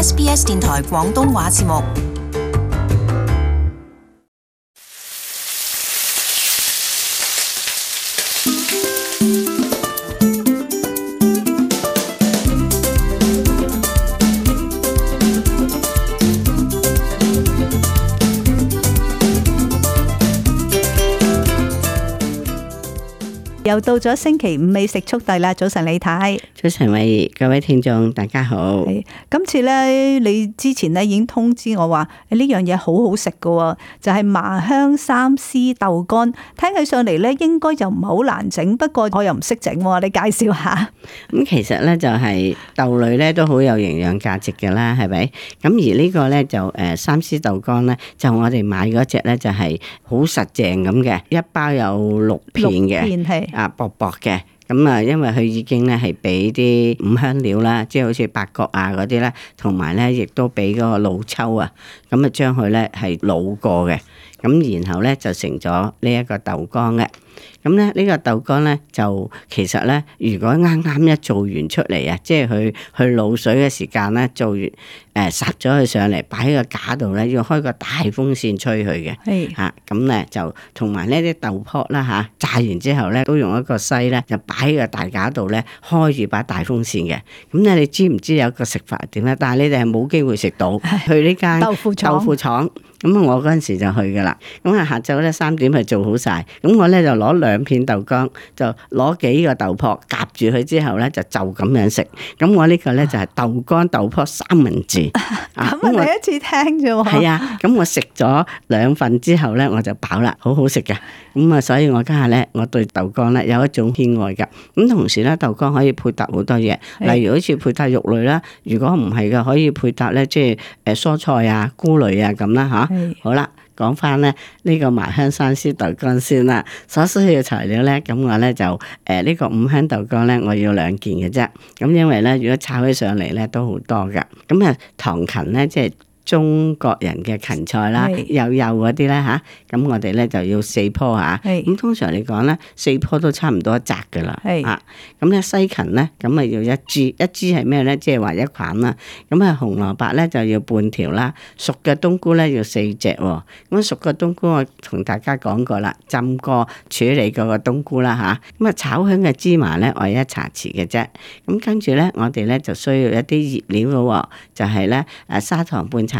SBS 電台廣東話節目。又到咗星期五，美食速遞啦！早晨李太，早晨偉，各位聽眾大家好。今次咧，你之前咧已經通知我話，誒，呢樣嘢好好食噶就係麻香三絲豆乾。聽起上嚟咧，應該又唔係好難整，不過我又唔識整喎，你介紹下。咁其實咧就係豆類咧都好有營養價值噶啦，係咪？咁而呢個咧就誒，三絲豆乾咧，就我哋買嗰隻咧就係好實淨咁嘅，一包有六片嘅。啊薄薄嘅，咁、嗯、啊，因為佢已經咧係俾啲五香料啦，即係好似八角啊嗰啲啦，同埋咧亦都俾嗰個老抽啊，咁啊將佢咧係滷過嘅，咁、嗯、然後咧就成咗呢一個豆乾嘅。咁咧，呢個豆乾咧就其實咧，如果啱啱一做完出嚟啊，即係佢去滷水嘅時間咧，做完誒殺咗佢上嚟，擺喺個架度咧，要開個大風扇吹佢嘅。係嚇咁咧，啊、就同埋呢啲豆泡啦吓、啊，炸完之後咧，都用一個篩咧，就擺喺個大架度咧，開住把大風扇嘅。咁、嗯、咧，你知唔知有個食法係點咧？但係你哋係冇機會食到是去呢間豆腐廠。咁我嗰陣時就去噶啦。咁啊，下晝咧三點係做好晒。咁我咧就攞兩片豆乾，就攞幾個豆粕夾住佢之後咧，就就咁樣食。咁我呢個咧就係豆乾豆粕三文治。咁 啊，第一次聽啫喎。係啊，咁我食咗兩份之後咧，我就飽啦，好好食嘅。咁啊，所以我家下咧，我對豆乾咧有一種偏愛嘅。咁同時咧，豆乾可以配搭好多嘢，例如好似配搭肉類啦，如果唔係嘅，可以配搭咧，即係誒蔬菜啊、菇類啊咁啦嚇。啊是好啦，講翻咧呢個麻香三絲豆乾先啦。所需要嘅材料咧，咁我咧就誒呢、呃這個五香豆乾咧，我要兩件嘅啫。咁因為咧，如果炒起上嚟咧，都好多噶。咁啊，唐芹咧，即係。中國人嘅芹菜啦，又是幼嗰啲咧吓，咁我哋咧就要四棵吓，咁是通常嚟講咧四棵都差唔多一紮㗎啦，嚇是。咁咧、啊、西芹咧，咁啊要一支，一支係咩咧？即係話一捆啦。咁啊紅蘿蔔咧就要半條啦，熟嘅冬菇咧要四隻喎。咁熟嘅冬菇我同大家講過啦，浸過處理過嘅冬菇啦吓，咁啊炒香嘅芝麻咧，我一茶匙嘅啫。咁跟住咧，我哋咧就需要一啲醃料咯，就係咧誒砂糖半茶。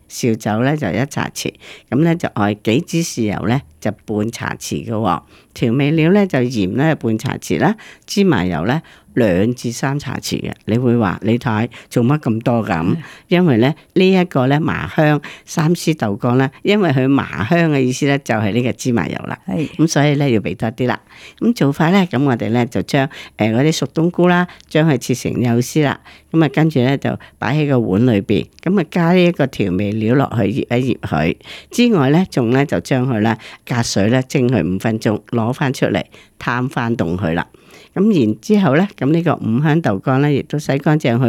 紹酒咧就一茶匙，咁咧就外幾支豉油咧就半茶匙嘅、哦，調味料咧就鹽咧半茶匙啦，芝麻油咧兩至三茶匙嘅。你會話你睇做乜咁多咁是的、這個？因為咧呢一個咧麻香三絲豆乾咧，因為佢麻香嘅意思咧就係、是、呢個芝麻油是的 啦，咁所以咧要俾多啲啦。咁做法咧，咁我哋咧就將誒嗰啲熟冬菇啦，將佢切成幼絲啦，咁啊跟住咧就擺喺個碗裏邊，咁啊加呢一個調味料。料落去，醃一醃佢。佢之外咧，仲咧就將佢咧隔水咧蒸佢五分鐘，攞翻出嚟攤翻凍佢啦。咁然之後咧，咁、這、呢個五香豆乾咧，亦都洗乾淨佢。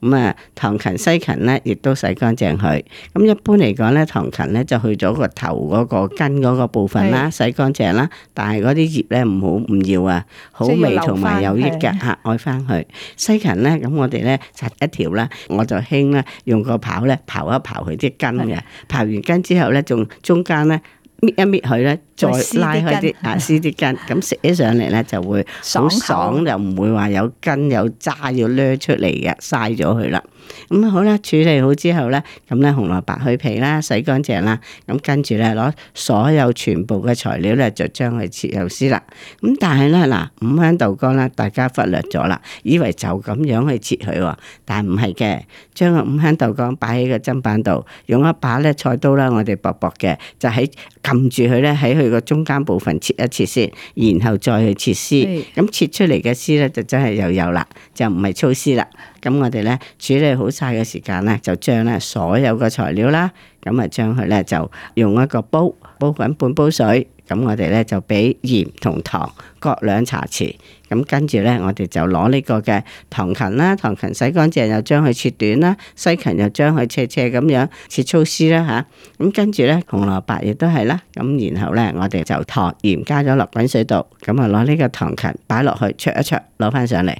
咁啊，唐芹西芹咧，亦都洗乾淨佢。咁一般嚟講咧，唐芹咧就去咗個頭嗰個根嗰個部分啦，是洗乾淨啦。但係嗰啲葉咧唔好唔要啊，好味同埋有益嘅啊，愛翻去。是西芹咧，咁我哋咧剷一條啦，我就興咧用個刨咧刨一刨佢啲根嘅，是刨完根之後咧，仲中間咧搣一搣佢咧。再拉開啲啊， 撕啲筋，咁食起上嚟咧就會爽爽，爽頭又唔會話有筋有渣要掠出嚟嘅，嘥咗佢啦。咁好啦，處理好之後咧，咁咧紅蘿蔔去皮啦，洗乾淨啦，咁跟住咧攞所有全部嘅材料咧，就將佢切幼絲啦。咁但係咧嗱，五香豆乾啦，大家忽略咗啦，以為就咁樣去切佢，但係唔係嘅，將個五香豆乾擺喺個砧板度，用一把咧菜刀啦，我哋薄薄嘅，就喺撳住佢咧，喺佢。個中間部分切一切先，然後再去切絲。咁是切出嚟嘅絲咧，就真係又有啦，就唔係粗絲啦。咁我哋咧處理好晒嘅時間咧，就將咧所有嘅材料啦，咁啊將佢咧就用一個煲，煲粉、半煲水。咁我哋咧就俾鹽同糖各兩茶匙，咁跟住咧我哋就攞呢個嘅糖芹啦，糖芹洗乾淨又將佢切短啦，西芹又將佢斜斜咁樣切粗絲啦吓，咁跟住咧紅蘿蔔亦都係啦，咁然後咧我哋就糖鹽加咗落滾水度，咁啊攞呢個糖芹擺落去灼一灼，攞翻上嚟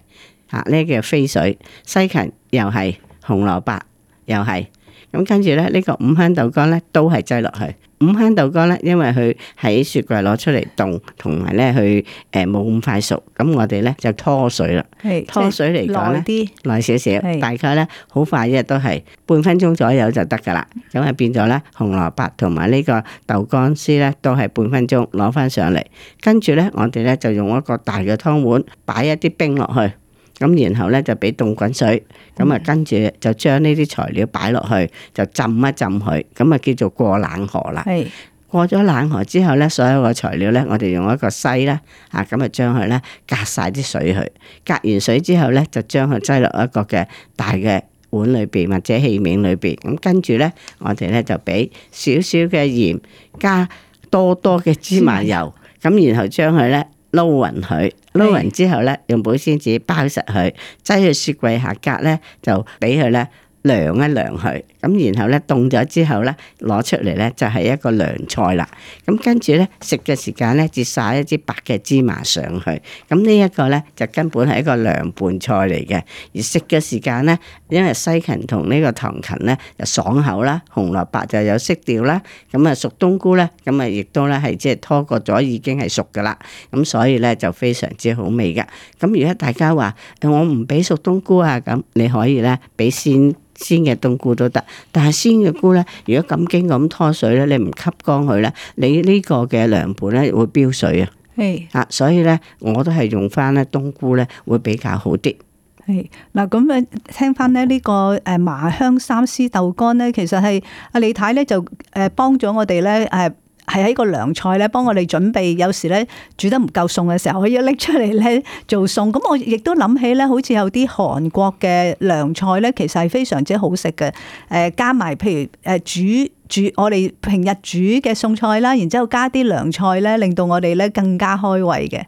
吓，呢個係飛水，西芹又係紅蘿蔔又係，咁跟住咧呢個五香豆乾咧都係擠落去。五香豆乾咧，因為佢喺雪櫃攞出嚟凍，同埋咧佢誒冇咁快熟，咁我哋咧就拖水啦，拖水嚟講啲耐少少，大概咧好快，一日都係半分鐘左右就得噶啦。咁啊變咗咧紅蘿蔔同埋呢個豆乾絲咧都係半分鐘攞翻上嚟，跟住咧我哋咧就用一個大嘅湯碗擺一啲冰落去。咁然後咧就俾凍滾水，咁啊跟住就將呢啲材料擺落去，就浸一浸佢，咁啊叫做過冷河啦。係是過咗冷河之後咧，所有嘅材料咧，我哋用一個篩啦，啊咁啊將佢咧隔晒啲水去，隔完水之後咧就將佢擠落一個嘅大嘅碗裏邊或者器皿裏邊。咁跟住咧，我哋咧就俾少少嘅鹽，加多多嘅芝麻油，咁是、嗯、然後將佢咧撈勻佢。撈匀之後咧，用保鮮紙包實佢，擠去雪櫃下格咧，就俾佢咧。涼一涼佢，咁然後咧凍咗之後咧攞出嚟咧就係一個涼菜啦。咁跟住咧食嘅時間咧，灑一啲白嘅芝麻上去。咁、這個、呢一個咧就根本係一個涼拌菜嚟嘅。而食嘅時間咧，因為西芹同呢個唐芹咧就爽口啦，紅蘿蔔就有色調啦。咁啊熟冬菇咧，咁啊亦都咧係即係拖過咗已經係熟噶啦。咁所以咧就非常之好味㗎。咁如果大家話我唔俾熟冬菇啊，咁你可以咧俾先。鮮嘅冬菇都得，但係鮮嘅菇咧，如果咁勁咁拖水咧，你唔吸乾佢咧，你呢個嘅涼盤咧會飆水啊！係是啊，所以咧我都係用翻咧冬菇咧會比較好啲。係嗱，咁啊，聽翻咧呢個誒麻香三絲豆乾咧，其實係阿李太咧就誒幫咗我哋咧誒。係喺個涼菜咧，幫我哋準備，有時咧煮得唔夠餸嘅時候，可以拎出嚟咧做餸。咁我亦都諗起咧，好似有啲韓國嘅涼菜咧，其實係非常之好食嘅。誒，加埋譬如誒煮煮，煮我哋平日煮嘅餸菜啦，然之後加啲涼菜咧，令到我哋咧更加開胃嘅。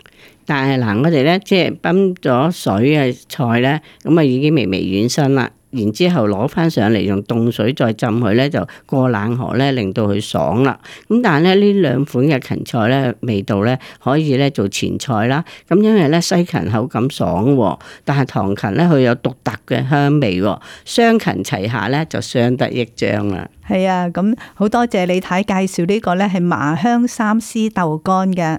但係嗱，我哋咧即係燜咗水嘅菜咧，咁啊已經微微軟身啦。然之後攞翻上嚟用凍水再浸佢咧，就過冷河咧，令到佢爽啦。咁但係咧，呢兩款嘅芹菜咧，味道咧可以咧做前菜啦。咁因為咧，西芹口感爽，啊，但係唐芹咧佢有獨特嘅香味喎，啊。雙芹齊下咧，就相得益彰啦。係啊，咁好多謝李太介紹呢個咧係麻香三絲豆乾嘅。